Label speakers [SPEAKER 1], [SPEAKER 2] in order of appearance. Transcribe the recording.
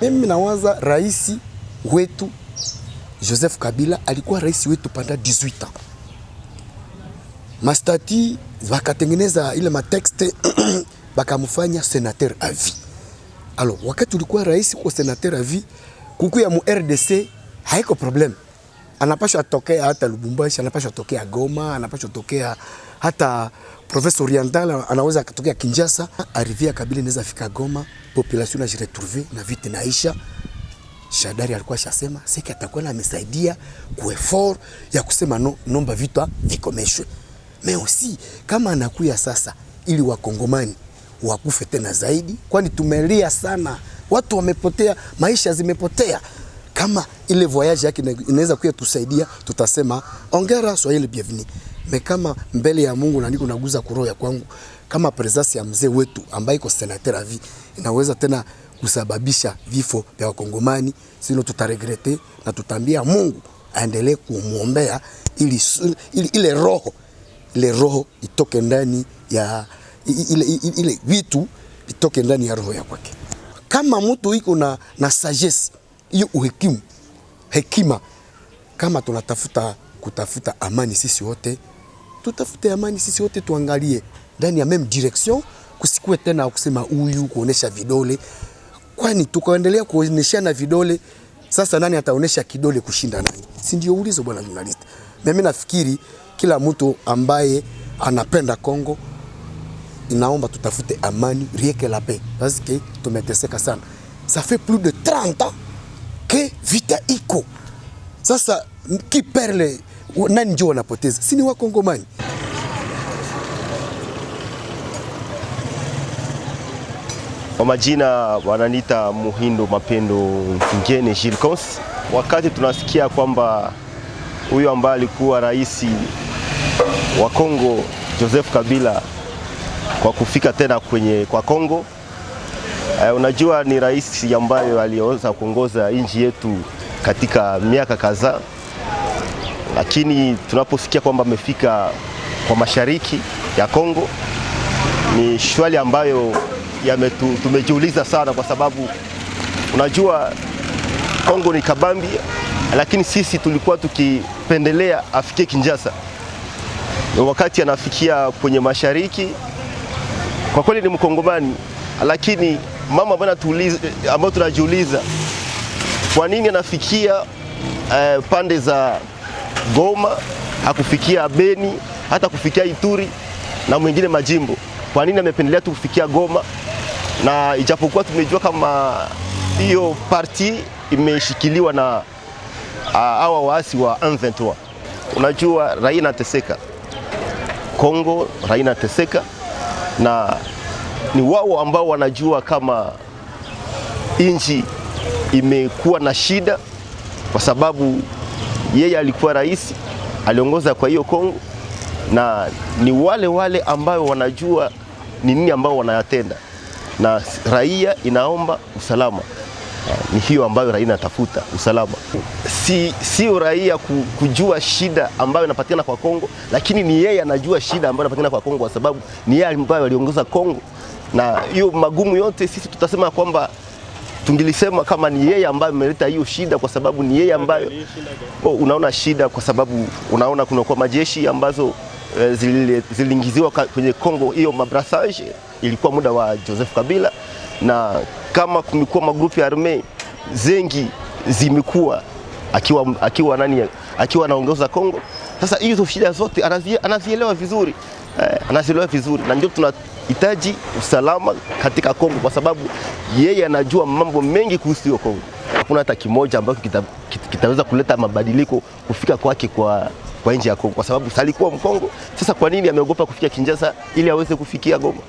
[SPEAKER 1] Mimi nawaza rais wetu Joseph Kabila alikuwa rais wetu panda 18 ans, mastati wakatengeneza ile matexte bakamufanya senateur avi. Alors wakati ulikuwa rais kwa senateur avi, kuku ya mu RDC haiko problem, anapashwa tokea hata Lubumbashi, anapashwa tokea Goma, anapashwa tokea hata Professor Riandala anaweza akatokea Kinshasa, arrivia kabila inaweza fika Goma, population na jiretrouver na vite naisha. Shadari alikuwa shasema seki atakuwa na amesaidia kwa effort ya kusema no, nomba vita vikomeshwe. Mais aussi kama anakuya sasa ili wakongomani wakufe tena zaidi, kwani tumelia sana, watu wamepotea, maisha zimepotea. Kama ile voyage yake inaweza kuya tusaidia, tutasema ongera Swahili bienvenue mekama mbele ya Mungu na niko naguza kuroho ya kwangu kama presence ya mzee wetu ambaye iko senateur avi inaweza tena kusababisha vifo vya Wakongomani, sino tutaregrete na tutambia Mungu aendelee kumwombea ili, ili, ile roho ile roho itoke ndani ya ile, ile, ile vitu itoke ndani ya roho ya kwake. Kama mtu iko na, na sagesse hiyo uhekimu hekima, kama tunatafuta kutafuta amani sisi wote tutafute amani sisi wote, tuangalie ndani ya meme direction, kusikue tena kusema huyu kuonesha vidole, kwani tukaendelea kuoneshana vidole sasa nani ataonesha kidole kushinda nani? Si ndio ulizo bwana journalist. Mimi nafikiri kila mtu ambaye anapenda Kongo inaomba tutafute amani, rieke la paix parce que tumeteseka sana. Ça fait plus de 30 ans que vita iko. Sasa qui perd nani njoo wanapoteza? Si ni Wakongomani?
[SPEAKER 2] Kwa majina wananiita Muhindo Mapendo Ngene Gilcons. Wakati tunasikia kwamba huyo ambaye alikuwa rais wa Kongo Joseph Kabila kwa kufika tena kwenye kwa Kongo eh, unajua ni rais ambayo alioza kuongoza nchi yetu katika miaka kadhaa lakini tunaposikia kwamba amefika kwa mashariki ya Kongo ni swali ambayo yametu, tumejiuliza sana, kwa sababu unajua Kongo ni kabambi, lakini sisi tulikuwa tukipendelea afikie Kinshasa, wakati anafikia kwenye mashariki, kwa kweli ni Mkongomani, lakini mama bwana, ambayo tunajiuliza kwa nini anafikia eh, pande za Goma, hakufikia Beni, hata kufikia Ituri na mwingine majimbo. Kwa nini amependelea tu kufikia Goma? Na ijapokuwa tumejua kama hiyo parti imeshikiliwa na hawa waasi wa M23. Unajua raia inateseka Kongo, raia inateseka na ni wao ambao wanajua kama nchi imekuwa na shida kwa sababu yeye alikuwa rais, aliongoza kwa hiyo Kongo, na ni wale wale ambayo wanajua ni nini ambao wanayatenda, na raia inaomba usalama. Ni hiyo ambayo raia inatafuta usalama, si sio raia kujua shida ambayo inapatikana kwa Kongo, lakini ni yeye anajua shida ambayo inapatikana kwa Kongo, kwa sababu ni yeye ambayo aliongoza Kongo, na hiyo magumu yote sisi tutasema kwamba tungilisema kama ni yeye ambaye ameleta hiyo shida, kwa sababu ni yeye ambaye oh, unaona shida, kwa sababu unaona kuna kwa majeshi ambazo eh, ziliingiziwa kwenye Kongo. Hiyo mabrasage ilikuwa muda wa Joseph Kabila, na kama kumekuwa magrupu ya arme zengi zimekuwa akiwa, akiwa, nani, akiwa anaongoza Kongo. Sasa hizo shida zote anazielewa vizuri eh, anazielewa vizuri na ndio tunahitaji usalama katika Kongo, kwa sababu yeye anajua mambo mengi kuhusu hiyo Kongo. Hakuna hata kimoja ambacho kitaweza kita, kitaweza kuleta mabadiliko kufika kwake kwa, kwa nje ya Kongo, kwa sababu salikuwa Mkongo. Sasa kwa nini ameogopa kufika Kinshasa ili aweze kufikia Goma?